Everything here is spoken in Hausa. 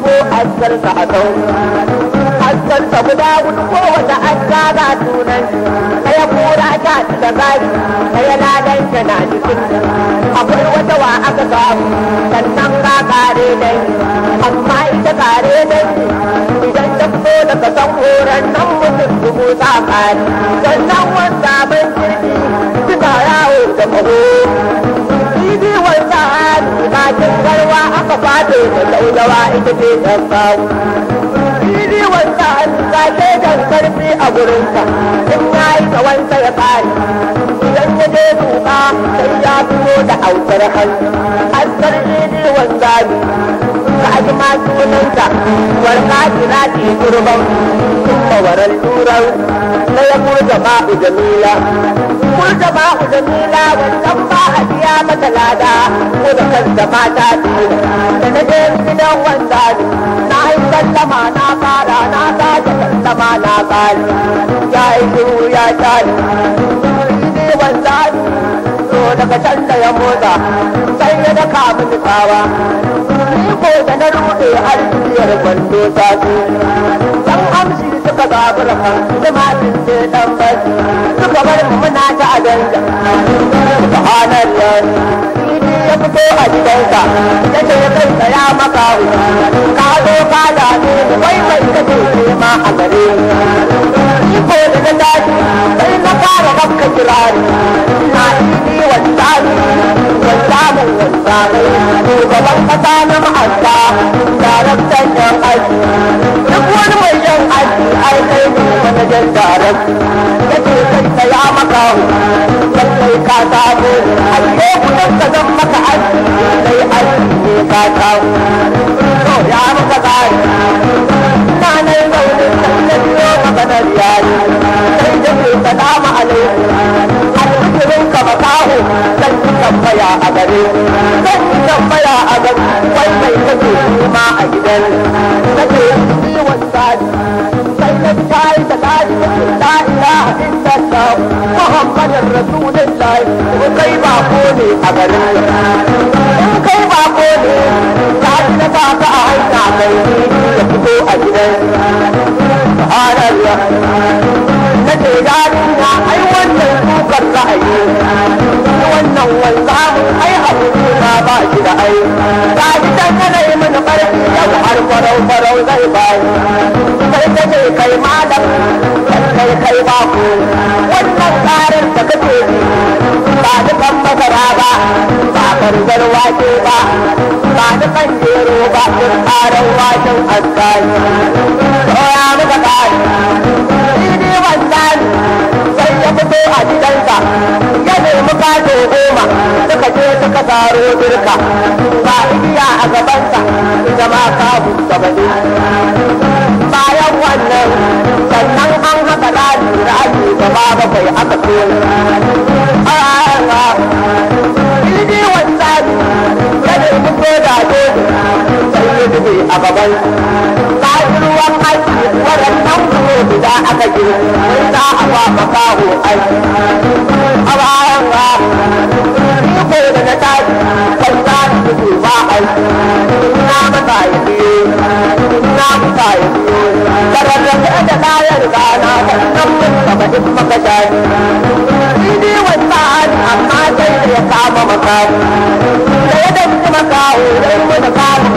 ɗebo askarsa a kau askarsa guda hudu kowace aska ga sunan Kaya kura ta ci da zari kaya ladan ta na jikin akwai wata wa aka samu sannan ba kare dai amma ita kare dai idan ta fito daga san horon nan mutum dubu ta kare sannan wanda ban kirki da Laulawa ita ce tsantsawo. Fili wanda an zaɓe da karfi a gurinsa, in ya yi ta tsawonsa ya fari. Idan ya je tuka sai ya fito da autar hannu. Asar fili wanda ne, ka aji ma sunanta, warka kira ce turban, tun warar turar, na ya murza ba'u jamila. Murza ba'u jamila wannan ba a biya mata lada, ko da kanta mata biyu, da na gidan wanzani na yi sallama na fara na sake sallama na fari ya yi shiru ya tari ne wanzani so daga can da ya motsa sai ya daka mini tsawa ni ko da na rufe har kwando ta su yan amshi suka zaɓi rakan zama ce dan basi suka bar mu muna ta a danja subhanallah ya fito a gidansa a gare ni ko daga daji sai na fara maka kirari na ni wanzani wanzamin wanzani shugaban kasa na ma'aza daraktan yan aji duk wani mai yan aji ai kai ne manajan darakta yake kai ka ya maka sai ka samu a lokutan ka zan maka aji sai aji ne ka samu to ya maka tsari Muhammadin Rasulullahi in kai bako ne a garin in kai bako ne ta ji na ba ka a hanya da fito a gidan subhanallah na ce gani na ai wannan tukar ra'ayi wannan wanzamu ai abu ba ba shi da ai faraufarau zai bawo kai kake kai malam kai kai baku wannan tsarin da kake ba dukan masara ba ba bangar wake ba ba dukan jero ba duk tsarin waken askari. Koya muka zaro dirka ba iya a gabansa ita ma ba gabani bayan wannan sannan an haka ɗari da ake gaba bakwai aka kone a rana ilimi wanzani ya nemi ko da dole sai ya dube a gaban bayan ruwan aiki waɗannan kuma guda aka gina za a ba makaho aiki dana ka nan saba in maka dani ni ne wata amma sai ya kama maka da ya danci maka o dai mu da